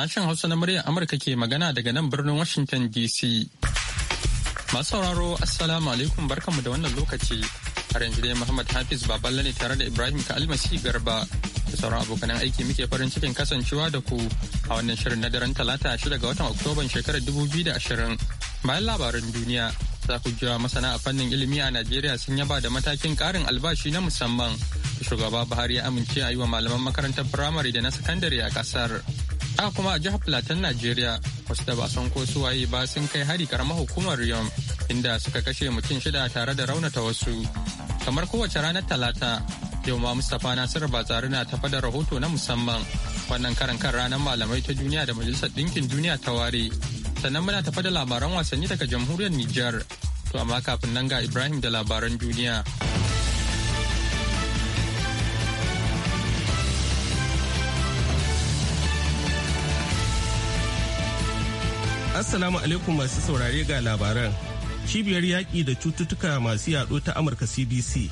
Sashen Hausa na muryar Amurka ke magana daga nan birnin Washington DC. Masu sauraro Assalamu alaikum barkanmu da wannan lokaci. Har yanzu dai Muhammad Hafiz Baballe ne tare da Ibrahim ka almasi Garba. Da sauran abokanan aiki muke farin cikin kasancewa da ku a wannan shirin na daren talata shida ga watan Oktoban shekarar dubu biyu da ashirin. Bayan labarin duniya za ku jiwa masana a fannin ilimi a Najeriya sun yaba da matakin karin albashi na musamman. Shugaba Buhari ya amince a yi wa malaman makarantar firamare da na sakandare a kasar. a kuma a jihar Plateau Najeriya wasu da ba san ko suwaye ba sun kai hari karamar hukumar Riyom inda suka kashe mutum shida tare da raunata wasu. Kamar kowace ranar Talata, yau ma Mustapha Nasiru Batsari na tafa da rahoto na musamman wannan karan kan ranar malamai ta duniya da Majalisar Ɗinkin Duniya ta ware. Sannan muna tafa da labaran wasanni daga jamhuriyar Nijar. To amma kafin nan ga Ibrahim da labaran duniya. Assalamu alaikum masu saurare ga labaran. Cibiyar yaƙi da cututtuka masu yaɗo ta Amurka CDC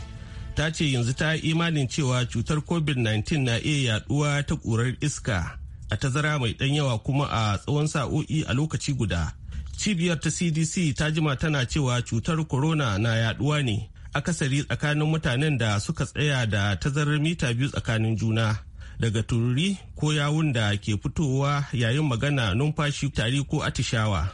ta ce yanzu ta yi imanin cewa cutar COVID-19 na iya yaɗuwa ta ƙurar iska a tazara mai ɗan yawa kuma a tsawon sa'o'i a lokaci guda. Cibiyar ta CDC ta jima tana cewa cutar corona na yaɗuwa ne akasari tsakanin mutanen da suka tsaya da tazarar mita biyu tsakanin juna. daga tururi ko yawun da ke fitowa yayin magana numfashi tari ko atishawa.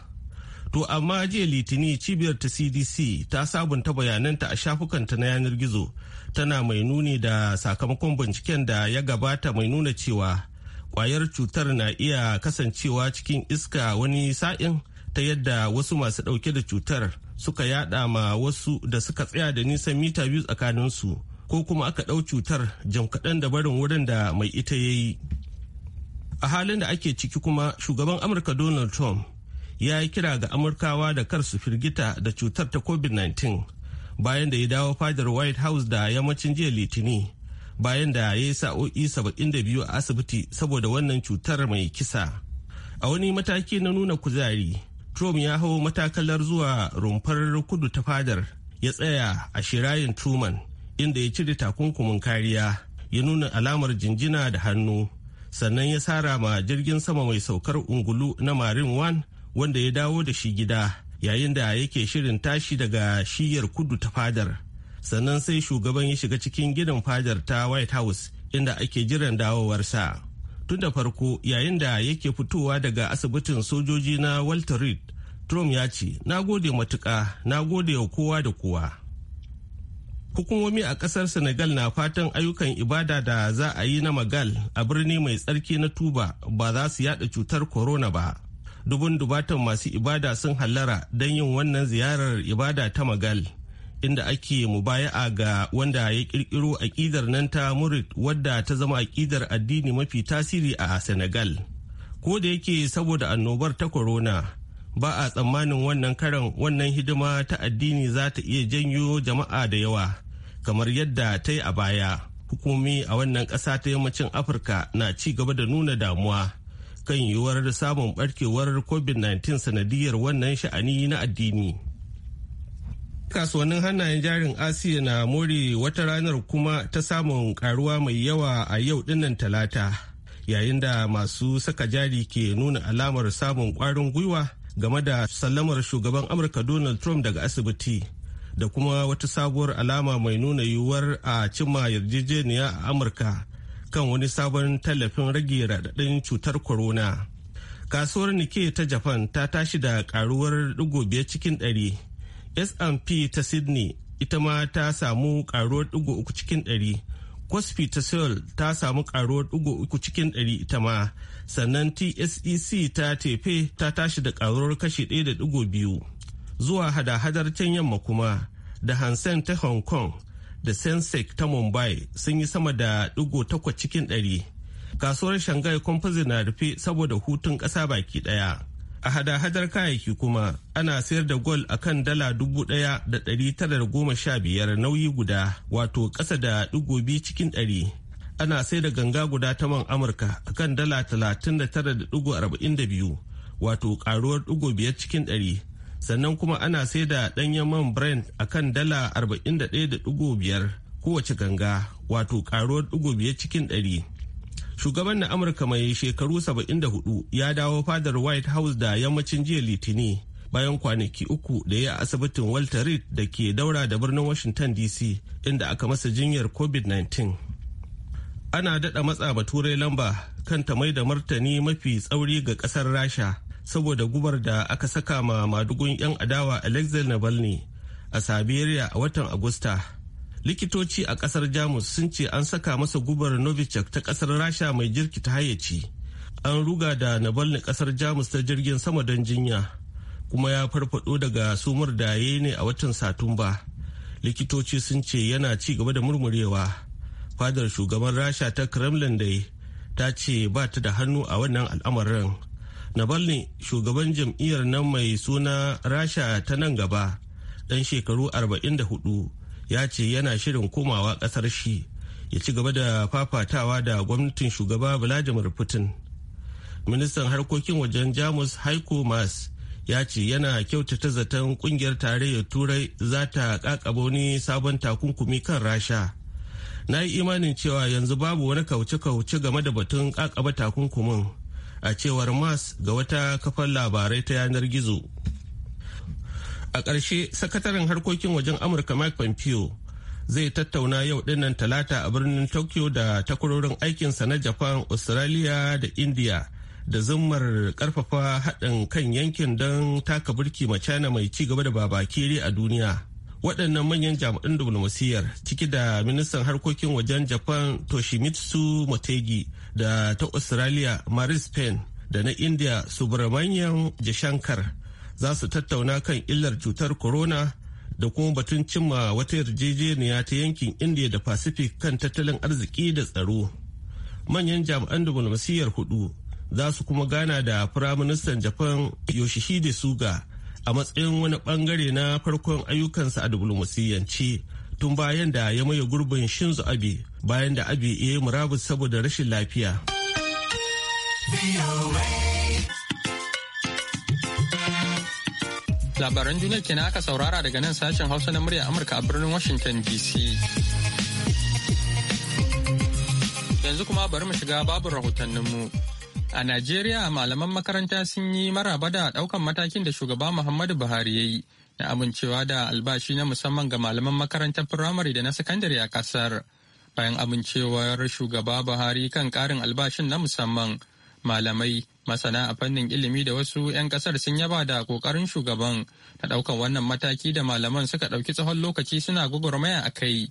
To amma jiya litini cibiyar ta CDC ta sabunta bayananta a shafukanta na yanar gizo tana mai nuni da sakamakon binciken da ya gabata mai nuna cewa kwayar cutar na iya kasancewa cikin iska wani sa'in ta yadda wasu masu dauke da cutar suka yada ma wasu da suka tsaya da nisan mita biyu tsakaninsu. su. ko kuma aka ɗau cutar jam kaɗan da barin wurin da mai ita ya yi a halin da ake ciki kuma shugaban amurka donald trump ya yi kira ga amurkawa da kar su firgita da cutar ta covid-19 bayan da ya dawo fadar white house da yammacin jiya litini bayan da ya yi sa'o'i 72 a asibiti saboda wannan cutar mai kisa a wani mataki na nuna kuzari trump ya hau matakalar zuwa rumfar kudu ta fadar ya tsaya a shirayin truman inda ya cire takunkumin kariya ya nuna alamar jinjina da hannu sannan ya sara ma jirgin sama mai saukar ungulu na marin wan wanda ya dawo da shi gida yayin da yake shirin tashi daga shiyar kudu ta fadar sannan sai shugaban ya shiga cikin gidan fadar ta white house inda ake jiran dawowarsa tun da farko yayin da yake fitowa daga asibitin sojoji na walter reed trump ya ce na gode matuka na gode wa kowa da kowa hukumomi a kasar senegal na fatan ayyukan ibada da za a yi na magal a birni mai tsarki na tuba ba za su yada cutar corona ba dubun dubatan masu ibada sun hallara don yin wannan ziyarar ibada ta magal inda ake mubaya'a ga wanda ya kirkiro aƙidar nan ta murid wadda ta zama aƙidar addini mafi tasiri a senegal ko da yake saboda annobar ta corona ba a tsammanin wannan karan wannan hidima ta addini za ta iya janyo jama'a da yawa kamar yadda ta yi a baya hukumi a wannan ƙasa ta yammacin afirka na ci gaba da nuna damuwa kan yiwuwar samun barkewar covid-19 sanadiyar wannan sha'ani na addini kasuwannin hannayen jarin asiya na more wata ranar kuma ta samun karuwa mai yawa a yau dinnan talata yayin da masu saka jari ke nuna alamar samun kwarin gwiwa game da sallamar shugaban amurka donald trump daga asibiti da kuma wata sabuwar alama mai nuna yiwuwar a cimma yarjejeniya a amurka kan wani sabon tallafin rage raɗaɗin cutar corona kasuwar nike ta japan ta tashi da karuwar digo biyar cikin ɗari S&P ta sydney ita ma ta samu karuwar digo uku cikin ɗari cosby ta seoul ta samu karuwar digo uku cikin ɗari ita ma sannan tsec ta tefe ta tashi da karuwar kashi ɗaya da digo biyu zuwa hada-hadar can yamma kuma da hansen ta hong kong da sensec ta mumbai sun yi sama da digo takwas cikin ɗari kasuwar shanghai composite na rufe saboda hutun ƙasa baki ɗaya a hada-hadar kayayyaki kuma ana sayar da gwal a kan dala dubu ɗaya da ɗari tara da goma sha biyar nauyi guda wato ƙasa da digo biyu cikin ɗari ana sai da ganga guda ta man amurka a kan dala talatin da tara da digo arba'in da biyu wato ƙaruwar digo biyar cikin ɗari sannan kuma ana saida ɗanyen man brand a kan dala 41.5 kowace ganga wato karuwar ɗigo biyar cikin ɗari. Shugaban na Amurka mai shekaru 74 ya dawo fadar White House da yammacin jiya Litini bayan kwanaki uku da ya asibitin Walter Reed da ke daura da birnin Washington DC inda aka masa jinyar COVID-19. Ana daɗa matsa Turai lamba kan ta mai da martani mafi tsauri ga ƙasar Rasha. saboda gubar da aka saka ma madugun 'yan adawa alexei navalny a siberia a watan agusta likitoci a kasar jamus sun ce an saka masa gubar novichok ta kasar rasha mai jirki ta hayyaci an ruga da navalny kasar jamus ta jirgin sama don jinya kuma ya farfado daga sumar da ya ne a watan satumba likitoci sun ce yana ci gaba da murmurewa fadar shugaban rasha ta kremlin dai ta ce ba ta da hannu a wannan al'amarin Navalny shugaban jam'iyyar nan mai suna Rasha ta nan gaba ɗan shekaru 44 ya ce yana shirin komawa ƙasar shi ya ci gaba da fafatawa da gwamnatin shugaba Vladimir Putin. Ministan harkokin wajen Jamus Heiko Maas ya ce yana kyautata zaton kungiyar tarayyar turai za ta sabon takunkumi kan rasha na yi imanin cewa yanzu babu wani kauce-kauce game da batun kakaba takunkumin a cewar mas ga wata kafar labarai ta yanar gizo a ƙarshe sakataren harkokin wajen amurka mike pompeo zai tattauna yau dinnan talata a birnin tokyo da takwarorin aikinsa na japan australia da india da zummar karfafa haɗin kan yankin don taka burki macana mai ci gaba da babakere a duniya waɗannan manyan jami'an diplomasiyyar ciki da ministan harkokin wajen japan toshimitsu motegi da ta australia maris spain da na india subramanian jashankar za su tattauna kan illar cutar corona da kuma batun cimma wata yarjejeniya ta yankin india da pacific kan tattalin arziki da tsaro manyan jami'an diplomasiyyar hudu za su kuma gana da firaministan japan yoshihide suga a matsayin wani bangare na farkon ayyukansa a diflomasiyyance tun bayan da ya maye gurbin shinzo abe bayan da abie ya yi murabus saboda rashin lafiya labaran duniya kenan aka saurara daga nan sashen hausa na murya amurka a birnin washington dc yanzu kuma bari mu shiga babu rahotanninmu A Najeriya malaman makaranta sun yi maraba da ɗaukan matakin da shugaba Muhammadu Buhari ya yi na amincewa da albashi na musamman ga malaman makarantar firamare da na sakandare a kasar Bayan amincewar shugaba Buhari kan ƙarin albashin na musamman, malamai, masana a fannin ilimi da wasu 'yan ƙasar sun yaba da ƙoƙarin shugaban na ɗaukan wannan mataki da malaman suka ɗauki tsawon lokaci suna gwagwarmaya a kai.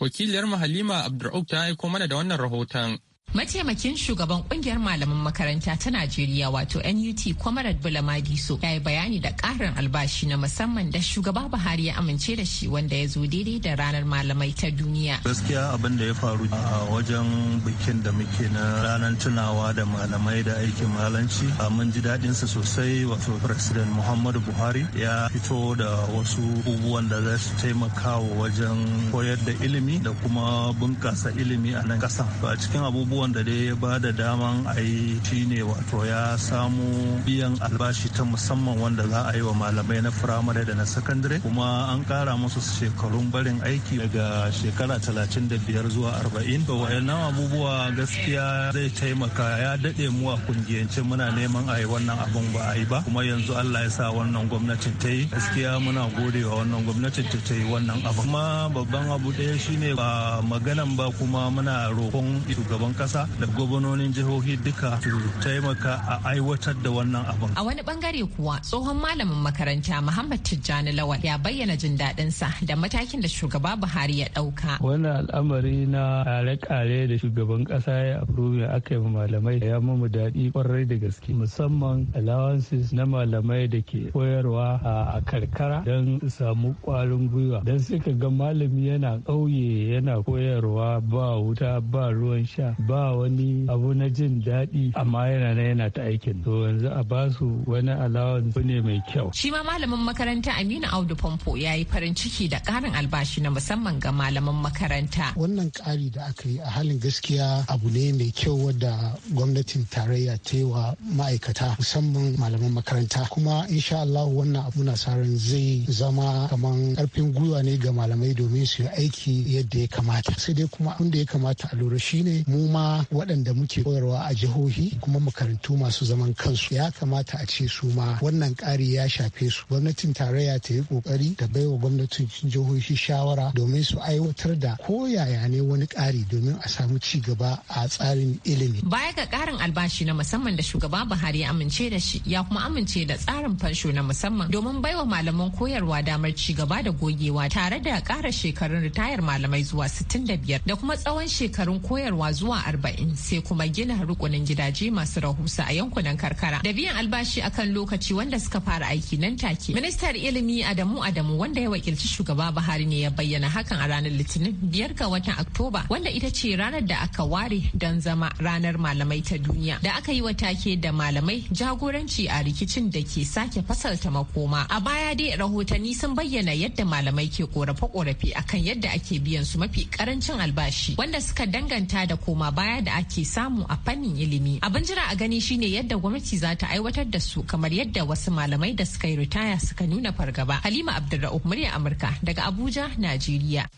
Wakiliyar Halima Abdur'uk ta aiko mana da wannan rahoton. mataimakin shugaban kungiyar malaman makaranta ta najeriya wato nut kwamarat Madiso, ya yi bayani da ƙarin albashi na musamman da shugaba buhari ya amince da shi wanda ya zo daidai da ranar malamai ta duniya gaskiya abin da ya faru a wajen bikin da muke na ranar tunawa da malamai da aikin malanci a mun ji daɗin sa sosai wato president muhammadu buhari ya fito da wasu abubuwan da za su taimaka wajen koyar da ilimi da kuma bunƙasa ilimi a nan ƙasa a cikin abubuwan wanda dai ya ba da daman a yi shine wato ya samu biyan albashi ta musamman wanda za a yi wa malamai na firamare da na sakandare kuma an kara musu shekarun barin aiki daga shekara talatin da biyar zuwa arba'in da wayannan abubuwa gaskiya zai taimaka ya daɗe mu a kungiyance muna neman a yi wannan abun ba a yi ba kuma yanzu allah ya sa wannan gwamnatin ta yi gaskiya muna gode wa wannan gwamnatin ta ta yi wannan abu kuma babban abu ɗaya shine ba maganan ba kuma muna roƙon shugaban ƙasa ƙasa da gwamnonin jihohi duka su taimaka a aiwatar da wannan abin. A wani bangare kuwa tsohon malamin makaranta Muhammad Tijjani Lawal ya bayyana jin daɗinsa da matakin da shugaba Buhari ya ɗauka. Wannan al'amari na kare-kare da shugaban ƙasa ya approve aka yi malamai ya mamu daɗi kwarai da gaske musamman allowances na malamai da ke koyarwa a karkara don samu ƙwarin gwiwa don ka ga malami yana ƙauye yana koyarwa ba wuta ba ruwan sha ba wani abu na jin daɗi amma yana na yana ta aikin to yanzu a ba su wani allowance ne mai kyau shi ma malamin makaranta Aminu Audu Pompo ya yi farin ciki da ƙarin albashi na musamman ga malaman makaranta wannan ƙari da aka yi a halin gaskiya abu ne mai kyau wadda gwamnatin tarayya ta yi wa ma'aikata musamman malaman makaranta kuma insha Allah wannan abu na zai zama kamar karfin gwiwa ne ga malamai domin su yi aiki yadda ya kamata sai dai kuma abin da ya kamata a lura shine mu ma kuma waɗanda muke koyarwa a jihohi kuma makarantu masu zaman kansu ya kamata a ce su ma wannan ƙari ya shafe su gwamnatin tarayya ta yi ƙoƙari da baiwa gwamnatin jihohi shawara domin su aiwatar da ko yaya ne wani ƙari domin a samu ci gaba a tsarin ilimi. Baya ga ƙarin albashi na musamman da shugaba Buhari ya amince da shi ya kuma amince da tsarin fansho na musamman domin baiwa malaman koyarwa damar ci gaba da gogewa tare da ƙara shekarun ritayar malamai zuwa 65 da kuma tsawon shekarun koyarwa zuwa arba'in sai kuma gina rukunin gidaje masu rahusa a yankunan karkara da biyan albashi akan lokaci wanda suka fara aiki nan take. Ministar ilimi Adamu Adamu wanda ya wakilci shugaba Buhari ne ya bayyana hakan a ranar Litinin biyar ga watan Oktoba wanda ita ce ranar da aka ware don zama ranar malamai ta duniya da aka yi wa take da malamai jagoranci a rikicin da ke sake fasalta makoma. A baya dai rahotanni sun bayyana yadda malamai ke korafe-korafe akan yadda ake biyan su mafi karancin albashi wanda suka danganta da koma baya baya da ake samu a fannin ilimi abin jira a gani shine yadda gwamnati za ta aiwatar da su kamar yadda wasu malamai da suka yi ritaya suka nuna fargaba halima Abdulrahman murya amurka daga abuja najeriya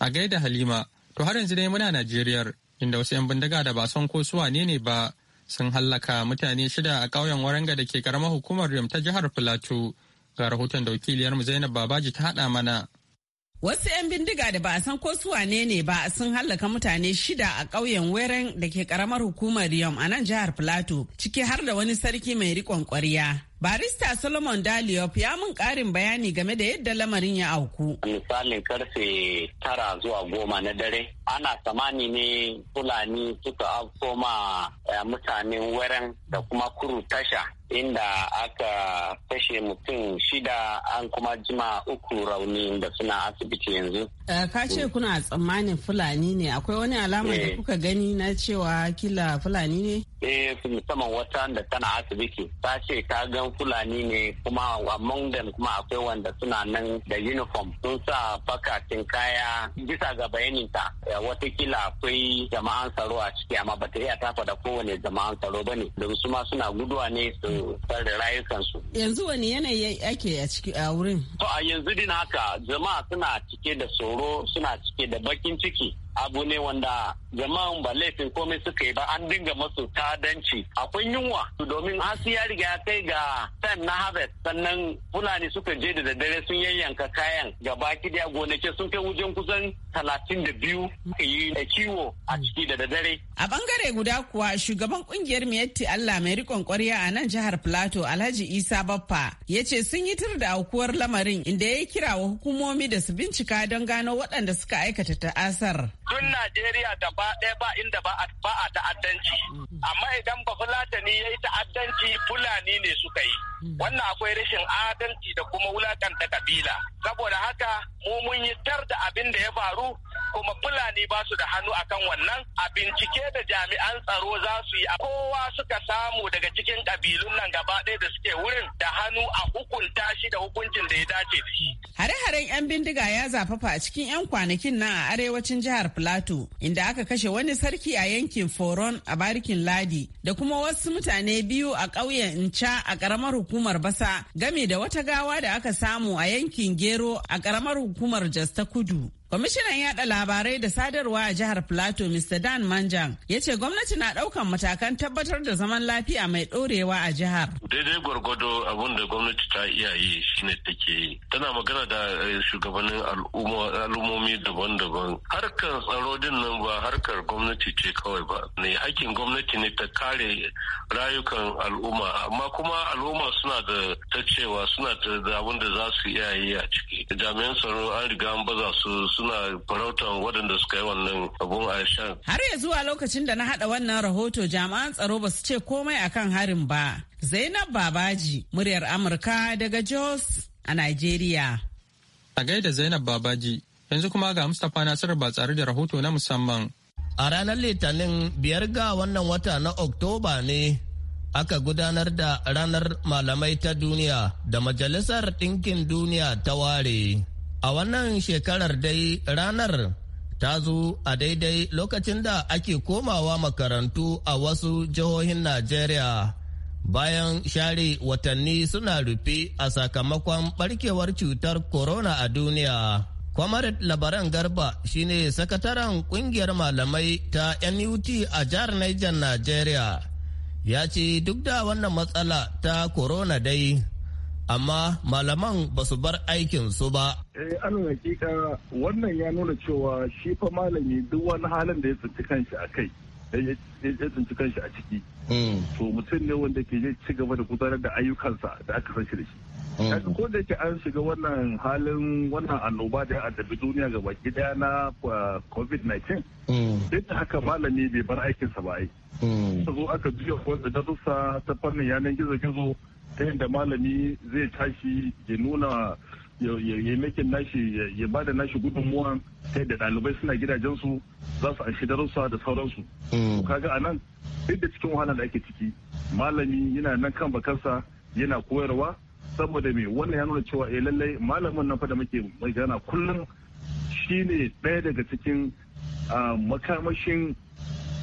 a gaida halima to har yanzu dai muna najeriyar inda wasu 'yan bindiga da ba son ko su wane ne ba sun hallaka mutane shida a ƙauyen waranga da ke karamar hukumar Rim ta jihar Filato. Ga rahoton da wakiliyarmu Zainab Babaji ta haɗa mana. Wasu 'yan bindiga da ba a san ko su wane ne ba sun hallaka mutane shida a ƙauyen Weren da ke ƙaramar hukumar Riyom a nan jihar Plateau, ciki har da wani sarki mai riƙon ƙwarya. Barista Solomon Daliop ya mun ƙarin bayani game da yadda lamarin ya auku. Misalin karfe tara zuwa goma na dare, ana tsammani ne Fulani suka afko ma eh, mutanen Weren da kuma kuru tasha inda aka kashe mutum shida an kuma jima uku rauni da suna asibiti yanzu. Uh, ka ce kuna tsammanin fulani ne akwai wani alama da eh. kuka gani na cewa kila fulani ne? Eh musamman wata da tana asibiti ta ce ta gan fulani ne kuma among them kuma akwai wanda suna nan da uniform sun sa fakatin kaya bisa ga bayaninta eh, wata kila akwai jama'an tsaro a ciki amma bata iya tafa da kowane jama'an tsaro ba ne don su ma suna guduwa ne su su rayukansu. Yanzu wani yanayi ake a ciki a wurin? To a yanzu din haka jama'a suna cike da tsoro suna cike da bakin ciki abu ne wanda jama'an ba laifin komai suka yi ba an dinga masu tadanci akwai yunwa domin hasi ya riga ya kai ga san na harvest sannan fulani suka je da daddare sun yayyanka kayan ga baki daya gonake sun kai wajen kusan talatin da biyu yi kiwo a ciki da daddare. a bangare guda kuwa shugaban kungiyar miyatti allah mai rikon kwarya a nan jihar plateau alhaji isa baffa ya ce sun yi tur da aukuwar lamarin inda ya kira wa hukumomi da su bincika don gano waɗanda suka aikata ta'asar Tun Najeriya da ba ɗaya ba inda ba a ta'addanci. Mm-hmm. Amma idan ba Fulani ya yi ta'addanci Fulani ne suka yi. Hmm. Wannan akwai rashin adalci da kuma wulakanta kabila. Saboda haka mu mun yi tar da abin da ya faru kuma Fulani ba su da hannu akan wannan a bincike da jami'an tsaro za su yi kowa suka samu daga cikin kabilun nan gaba ɗaya da suke wurin da hannu a hukunta shi da hukuncin da ya dace da shi. Hare-haren 'yan bindiga ya zafafa a cikin 'yan kwanakin nan a arewacin jihar Plateau inda aka kashe wani sarki a yankin Foron a barikin Ladi da kuma wasu mutane biyu a ƙauyen Inca a ƙaramar hukumar Basa game da wata gawa da aka samu a yankin Gero a ƙaramar hukumar Jos ta Kudu. Kwamishinan yada labarai da sadarwa a jihar Plateau Mr. Dan Manjang ya ce gwamnati na daukan matakan tabbatar da zaman lafiya mai dorewa a jihar. Daidai gwargwado abin da gwamnati ta iya yi shine take yi. Tana magana da eh, shugabannin al'ummomi daban-daban. Harkar tsaro din nan ba harkar gwamnati ce kawai ba. Ne hakkin gwamnati ne ta kare rayukan al'umma amma kuma al'umma suna da ta cewa suna da abin da za su iya yi a ciki. Jami'an tsaro an riga an baza su suna farautan waɗanda suka yi wannan abun a shan. Har ya zuwa lokacin da na haɗa wannan rahoto jami'an tsaro ba su ce komai a kan harin ba. Zainab Babaji, muryar Amurka daga Jos a Najeriya. A gaida Zainab Babaji, yanzu kuma ga Mustapha Nasiru ba tsare da rahoto na musamman. A ranar Litinin biyar ga wannan wata na Oktoba ne aka gudanar da ranar malamai ta duniya da Majalisar Ɗinkin Duniya ta ware. A wannan shekarar dai ranar ta zo a daidai lokacin da ake komawa makarantu a wasu jihohin Najeriya bayan share watanni suna rufe a sakamakon barkewar cutar corona a duniya. Kwamarit labaran garba shine sakataren kungiyar malamai ta NUT a jihar Niger Najeriya ya ce duk da wannan matsala ta corona dai amma malaman ba su bar aikin su ba. Eh an hakika wannan ya nuna cewa shi fa malami duk wani halin da ya tsinci kanshi a kai ya tsinci kanshi a ciki. Hmm. To mutum ne wanda ke ci gaba da gudanar da ayyukansa da aka san shi da shi. Yanzu hmm. ko da yake an shiga wannan halin wannan annoba da ya addabi duniya ga baki daya na ah, covid-19 hmm. duk da haka malami bai bar aikinsa ba ai. aka juya kwanza da ta fannin yanar gizo-gizo ta yadda malami zai tashi ya nuna ya makin nashi ya bada nashi gudunmuwa ta yadda ɗalibai suna gidajensu za su anshi darussa da sauransu mm. kaga a nan duk da cikin wahala da ake ciki malami yana nan kan bakarsa yana koyarwa saboda me wannan ya nuna cewa eh lallai malamin nan fa da muke magana kullum shine ɗaya daga cikin makamashin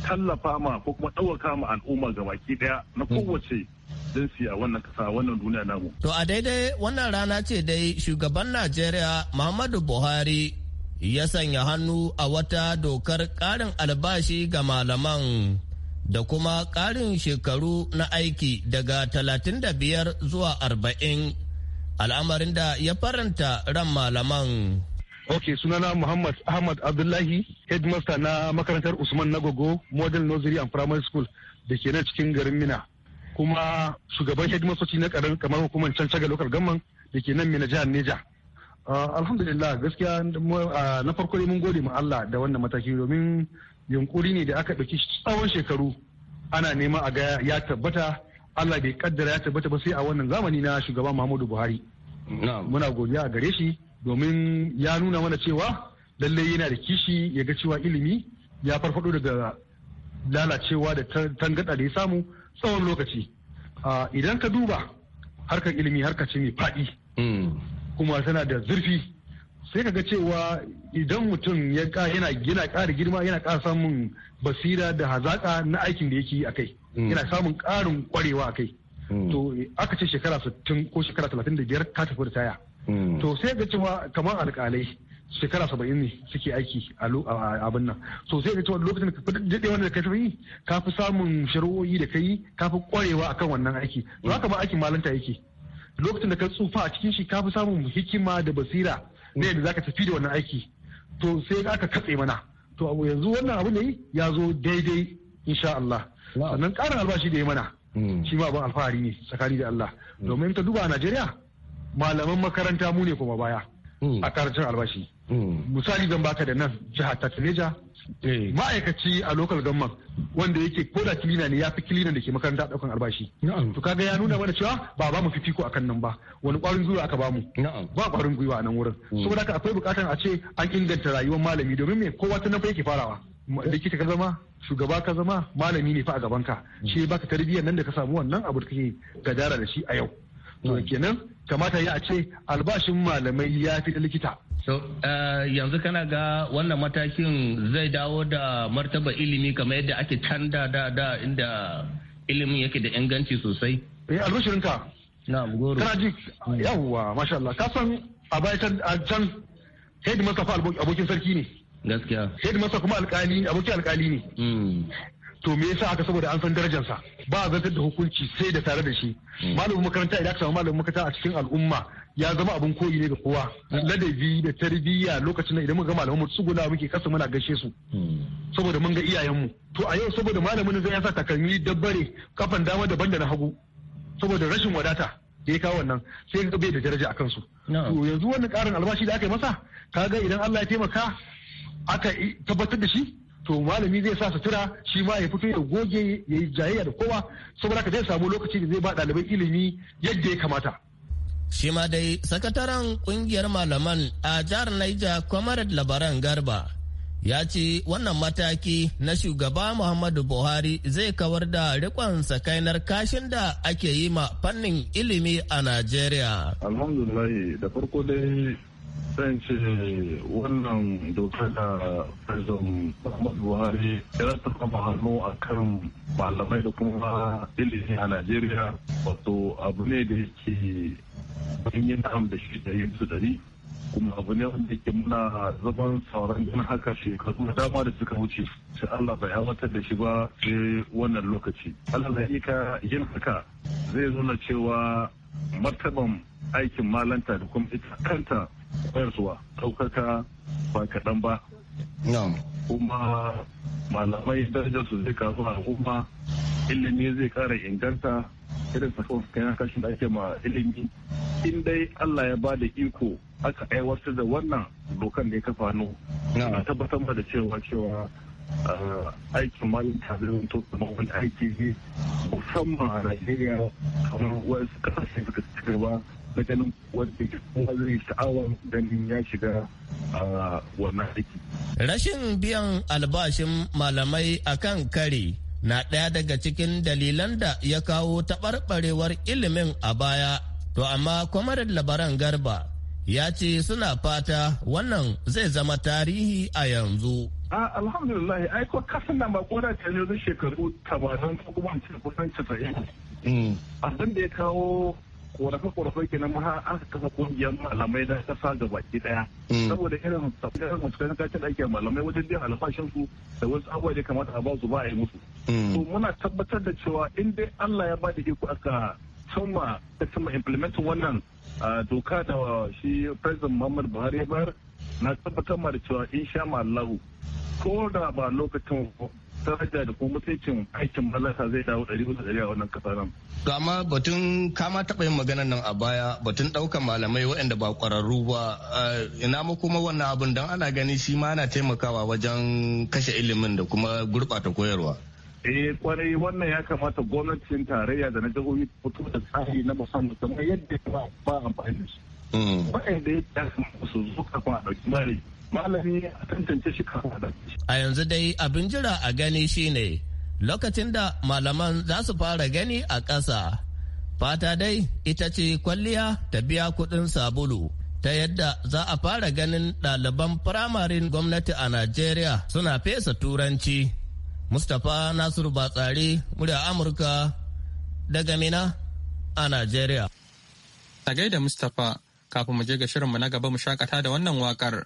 tallafa ma ko kuma ɗauka ma al'umma gabaki ɗaya na mm. kowace jinsi a wannan kasa wannan duniya namu. To a daidai wannan rana ce dai shugaban Najeriya Muhammadu Buhari ya sanya hannu a wata dokar ƙarin albashi ga malaman da kuma karin shekaru na aiki daga talatin da biyar zuwa arba'in al'amarin da ya faranta ran malaman. ok sunana muhammad ahmad abdullahi headmaster na makarantar usman nagogo model nursery and primary school da ke nan cikin garin mina kuma shugaban hidimasoci na karin kamar hukumar can caga lokal gamman da ke nan mina jihar neja ah, alhamdulillah gaskiya ah, na farko mun gode ma Allah da wannan mataki domin yunkuri ne da aka ɗauki tsawon shekaru ana nema a ga ya tabbata Allah bai kaddara ya tabbata ba sai a wannan zamani na shugaban Muhammadu Buhari muna godiya a gare shi domin ya nuna mana cewa lallai yana da kishi ya ga cewa ilimi ya farfado daga lalacewa da tangada da ya samu tsawon lokaci idan ka duba harkar ilimi harka ce mai faɗi hmm. kuma tana da zurfi sai ka ga cewa idan mutum ya yana yana ƙara girma yana ƙara samun basira da hazaƙa na aikin da yake yi a kai hmm. yana samun ƙarin ƙwarewa a kai hmm. to aka ce shekara 60 ko shekara 35 ka tafi da taya to sai ga cewa kamar alƙalai shekara saba'in ne suke aiki a abin nan so sai lokacin da daɗe wanda da ka yi ka fi samun shari'o'i da ka yi ka fi kwarewa kan wannan aiki za ka ba aikin malanta yake lokacin da ka tsufa a cikin shi ka fi samun hikima da basira na yadda za ka tafi da wannan aiki to sai aka katse mana to yanzu wannan abu ne ya zo daidai insha Allah sannan ƙarin albashi da ya mana hmm. shi ma abin alfahari ne tsakani da Allah hmm. domin ka duba a Najeriya malaman makaranta mu ne kuma baya Hmm. a karancin albashi hmm. misali zan baka da nan jihar ta Tineja eh. ma'aikaci a lokal government wanda yake ko da kilina ne ya fi kilina da ke makaranta daukan albashi to kaga ya nuna mana cewa ba ba mu fifiko akan nan ba wani kwarin gwiwa aka bamu ba kwarin gwiwa a nan wurin hmm. saboda haka akwai bukatar a ce an inganta rayuwar malami domin me kowa ta nan fa yake farawa likita ka zama shugaba ka zama malami ne fa a gaban ka shi baka tarbiyyar nan da ka samu wannan abu da kake gadara da shi a yau to hmm. kenan kamata ya ce albashin malamai ya fi likita so uh, yanzu kana ga wannan matakin zai dawo da martaba ilimi kamar yadda ake can da da inda ilimin yake da inganci sosai eh albashirinka na goro kana ji hmm. yawwa masha Allah ka san a bayan can sai da masa fa abokin sarki ne gaskiya sai da masa kuma alkali abokin alkali ne hmm. to me yasa aka saboda an san sa ba a zartar da hukunci sai da tare da shi hmm. malamin makaranta idan aka samu malamin makaranta a cikin al'umma ya zama abin koyi ne ga kowa ladabi da tarbiyya lokacin da idan muka ga malaman mu tsuguna muke kasa muna gaishe su hmm. saboda mun ga iyayen mu. to a yau saboda malamin zai yasa takalmi dabbare kafan dama daban da na hagu saboda rashin wadata da ya kawo wannan sai ka bai da daraja a kansu to yanzu wannan karin albashi da aka yi masa kaga idan Allah ya taimaka aka tabbatar da shi to malami zai sa sutura shi ma ya fito ya goge ya yi jayayya da kowa saboda ka zai samu lokaci da zai ba ɗalibai ilimi yadda ya kamata. Shi ma dai sakataren kungiyar malaman a jihar Niger Comrade Labaran Garba ya ce wannan mataki na shugaba Muhammadu Buhari zai kawar da rikon sakainar kashin da ake yi ma fannin ilimi a Najeriya. Alhamdulillah da farko dai zan ce wannan doka da president muhammadu buhari ya rasa kama hannu a kan malamai da kuma ilimi a najeriya wato abu ne da yake mun da shi da yin su dari kuma abu ne wanda yake muna zaman sauran yan haka shekaru da dama da suka wuce sai Allah bai aiwatar da shi ba sai wannan lokaci Allah zai ka yin haka zai nuna cewa martaban aikin malanta da kuma ita kanta koyarwa ɗaukaka ba kaɗan ba kuma malamai su zai kasu Kuma ilimi zai kara inganta irin sakon kayan kashin da ake ma ilimi in dai allah ya ba da iko aka aiwatar da wannan dokan da ya kafa hannu na tabbatar da cewa cewa ah, aikin malin tabirin to wani aiki ne musamman a najeriya kamar wasu kasashe suka ci gaba ganin wanda kowa zai sha'awar ganin ya shiga a wannan aiki. Rashin biyan albashin malamai a kan kare na ɗaya daga cikin dalilan da ya kawo taɓarɓarewar ilimin a baya. To amma kwamarin labaran garba ya ce suna fata wannan zai zama tarihi a yanzu. alhamdulillah ai ko kasan na makona ta yanzu shekaru 80 ko kuma kusan 90 mm. a da ya kawo korafe-korafe kenan ma aka kafa kungiyar malamai na kasa ga baki daya mm. saboda irin tafiyar mutane ta cin aikin malamai wajen biyan albashin su da wasu abubuwa da kamata a ba su ba a yi musu mm. to muna tabbatar da cewa in dai Allah ya ba da iko aka cimma ta cimma implementin wannan doka da shi president Muhammad Buhari ya bayar na tabbatar ma da cewa in sha ma allahu ko da ba lokacin daraja da kuma mutuncin aikin mallaka zai dawo ɗari bisa ɗari a wannan ƙasa nan. To amma batun kama taɓa yin maganar nan a baya batun ɗauka malamai waɗanda ba ƙwararru ba eh, ina mu kuma wannan abin don ana gani shi ma yana taimakawa wajen kashe ilimin da kuma gurɓata koyarwa. eh kwarai wannan ya kamata gwamnatin tarayya da na jihohi fito da tsari na musamman kamar yadda ba amfani da su. Mm. Waɗanda ya kamata su zo kafin a ɗauki mare malami a tantance shi a yanzu dai abin jira a gani shine lokacin da malaman za su fara gani a ƙasa fata dai ita ce kwalliya ta biya kuɗin sabulu ta yadda za a fara ganin ɗaliban firamarin gwamnati a najeriya suna fesa turanci mustapha nasiru batsari murya amurka daga mina a najeriya a gaida mustapha kafin mu je ga shirinmu na gaba mu shakata da wannan wakar.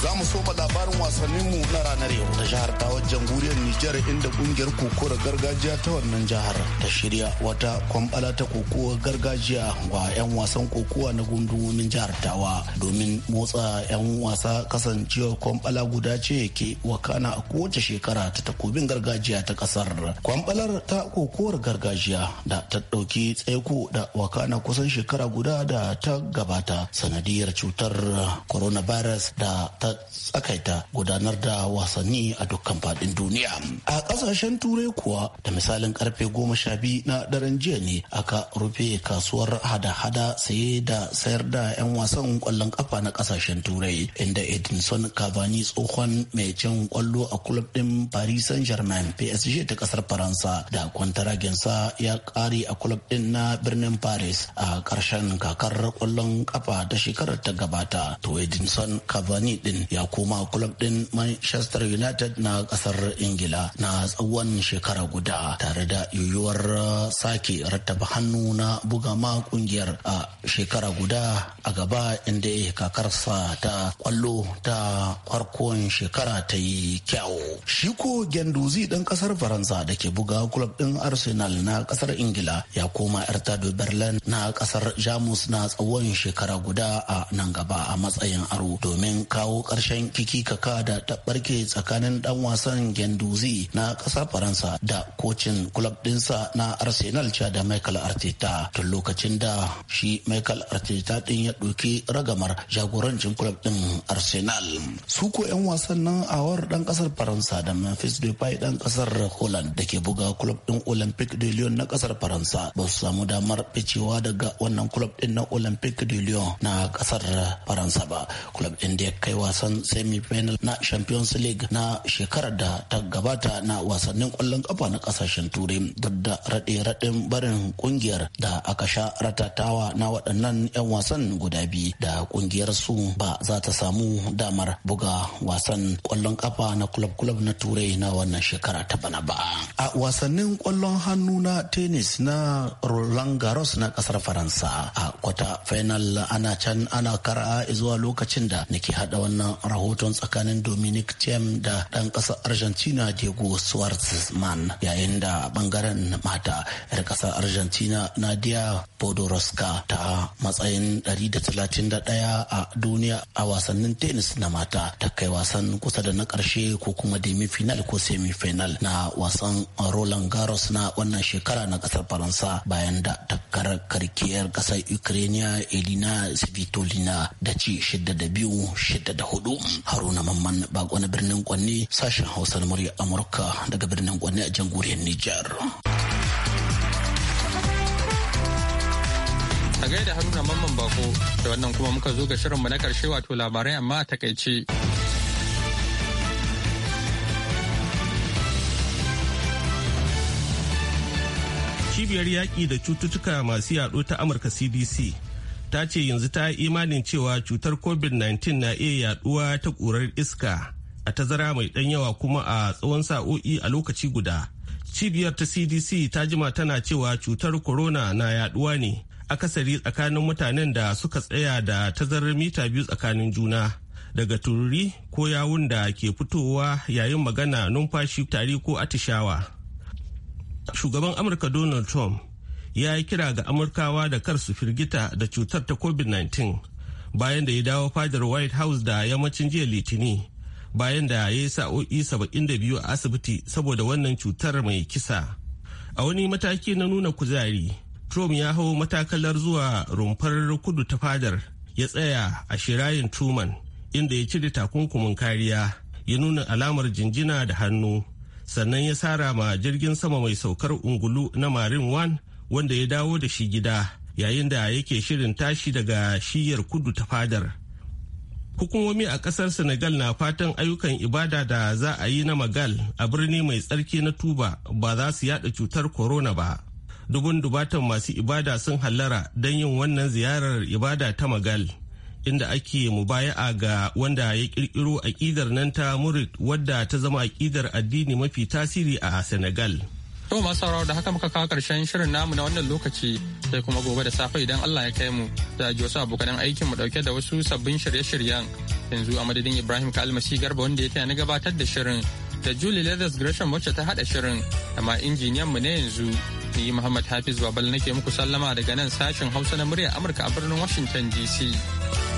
Za mu ba labarin wasanninmu na ranar yau da jihar ta wajen guriyar Nijar inda kungiyar kokowar gargajiya ta wannan jihar ta shirya wata kwambala ta kokowar gargajiya wa 'yan wasan kokowa na gundumomin jihar Tawa domin motsa 'yan wasa kasancewar kwambala guda ce ke wakana a kowace shekara ta takobin gargajiya ta kasar. Kwambalar ta kokowar gargajiya da ta ɗauki tsaiko da wakana kusan shekara guda da ta gabata sanadiyar cutar coronavirus da ta tsakaita gudanar da wasanni a dukkan faɗin duniya. A ƙasashen Turai kuwa da misalin karfe goma sha biyu na daren jiya ne aka rufe kasuwar hada-hada saye da sayar da 'yan wasan kwallon kafa na kasashen Turai inda Edinson Cavani tsohon mai cin kwallo a kulub din Paris Saint-Germain PSG ta kasar Faransa da kwantaragensa ya ƙare a kulub din na birnin Paris a karshen kakar kwallon kafa ta shekarar ta gabata. To Edinson Cavani ɗin ya koma club din Manchester United na kasar Ingila na tsawon shekara guda tare da yiwuwar uh, sake rattaba hannu na buga ma kungiyar a shekara guda a gaba inda kakarsa ta kwallo ta farkon shekara ta yi kyau. Shiko Genduzi dan kasar Faransa da ke buga club din Arsenal na kasar Ingila ya koma Ertado Berlin na kasar Jamus na tsawon shekara guda a nan gaba a matsayin aro domin kawo karshen kiki kaka da ta barke tsakanin dan wasan genduzi na ƙasar faransa da kocin club sa na arsenal cha da michael arteta tun lokacin da shi michael arteta ɗin ya ɗauki ragamar jagorancin kulob din arsenal su ko 'yan wasan nan awar dan ƙasar faransa da memphis depay dan ƙasar holland da ke buga club din olympic de lyon na ƙasar faransa ba su samu damar ficewa daga wannan kulob din na olympic de lyon na ƙasar faransa ba club din da ya kai wasa wasan semi final na champions league na shekarar da ta gabata na wasannin kwallon kafa na kasashen turai duk da raɗe-raɗin barin kungiyar da aka sha ratatawa na waɗannan 'yan wasan guda biyu da kungiyar su ba za ta samu damar buga wasan kwallon kafa na club-club na turai na wannan shekara ta bana ba a wasannin kwallon hannu na tennis na roland garros na kasar faransa a kwata final ana can ana kara zuwa lokacin da nake hada wannan rahoton tsakanin dominic thiem da ɗan kasar argentina diego swartzman yayin da bangaren mata 'yar ƙasar argentina nadia podoroska ta matsayin 131 a duniya a wasannin tennis na mata ta kai wasan kusa da na ƙarshe ko kuma demi-final ko semi-final na wasan roland garros na wannan shekara na kasar faransa bayan da takarar karkiyar ƙasar ukraine elina svitolina da ci 6 da 2 6 da hudu haruna mamman bako na birnin kwanne sashen hausa na murya amurka daga birnin kwanne a jamhuriyar nijar a gaida haruna mamman bako da wannan kuma muka zo ga shirinmu na karshe wato labarai amma a takaice cibiyar yaƙi da cututtuka masu yaɗo ta amurka cdc ta ce yanzu ta yi imanin cewa cutar covid-19 na iya yaduwa ta ƙurar iska a tazara mai ɗan yawa kuma a tsawon sa'o'i a lokaci guda cibiyar ta cdc ta jima tana cewa cutar corona na yaduwa ne akasari tsakanin mutanen da suka tsaya da tazarar mita biyu tsakanin juna daga tururi ko yawun da ke fitowa yayin magana numfashi tari ko atishawa shugaban amurka donald trump ya yi kira ga amurkawa da kar su firgita da cutar ta covid-19 bayan da ya dawo fadar white house da yammacin jiya litini bayan da ya yi sa'o'i 72 a asibiti saboda wannan cutar mai kisa a wani mataki na nuna kuzari trump ya hau matakalar zuwa rumfar kudu ta fadar ya tsaya a shirayin truman inda ya cire takunkumin kariya ya nuna alamar jinjina da hannu sannan ya sara ma jirgin sama mai saukar ungulu na marin one wanda ya dawo da shi gida yayin da yake shirin tashi daga shiyar kudu ta fadar hukumomi a ƙasar senegal na fatan ayyukan ibada da za a yi na magal a birni mai tsarki na tuba ba za su yada cutar corona ba dubun dubatan masu ibada sun hallara don yin wannan ziyarar ibada ta magal inda ake mubaya'a ga wanda ya kirkiro aƙidar nan ta murid wadda ta zama aƙidar addini mafi tasiri a senegal To masu sauraro da haka muka kawo karshen shirin namu na wannan lokaci sai kuma gobe da safe idan Allah ya kai mu da ji wasu abokan aikin mu dauke da wasu sabbin shirye-shiryen. Yanzu a madadin Ibrahim Kalmasi Garba wanda ya taya na gabatar da shirin da Julie Leathers Gresham wacce ta hada shirin amma injiniyan mu ne yanzu ni Muhammad Hafiz Babal nake muku sallama daga nan sashin Hausa na muryar Amurka a birnin Washington DC.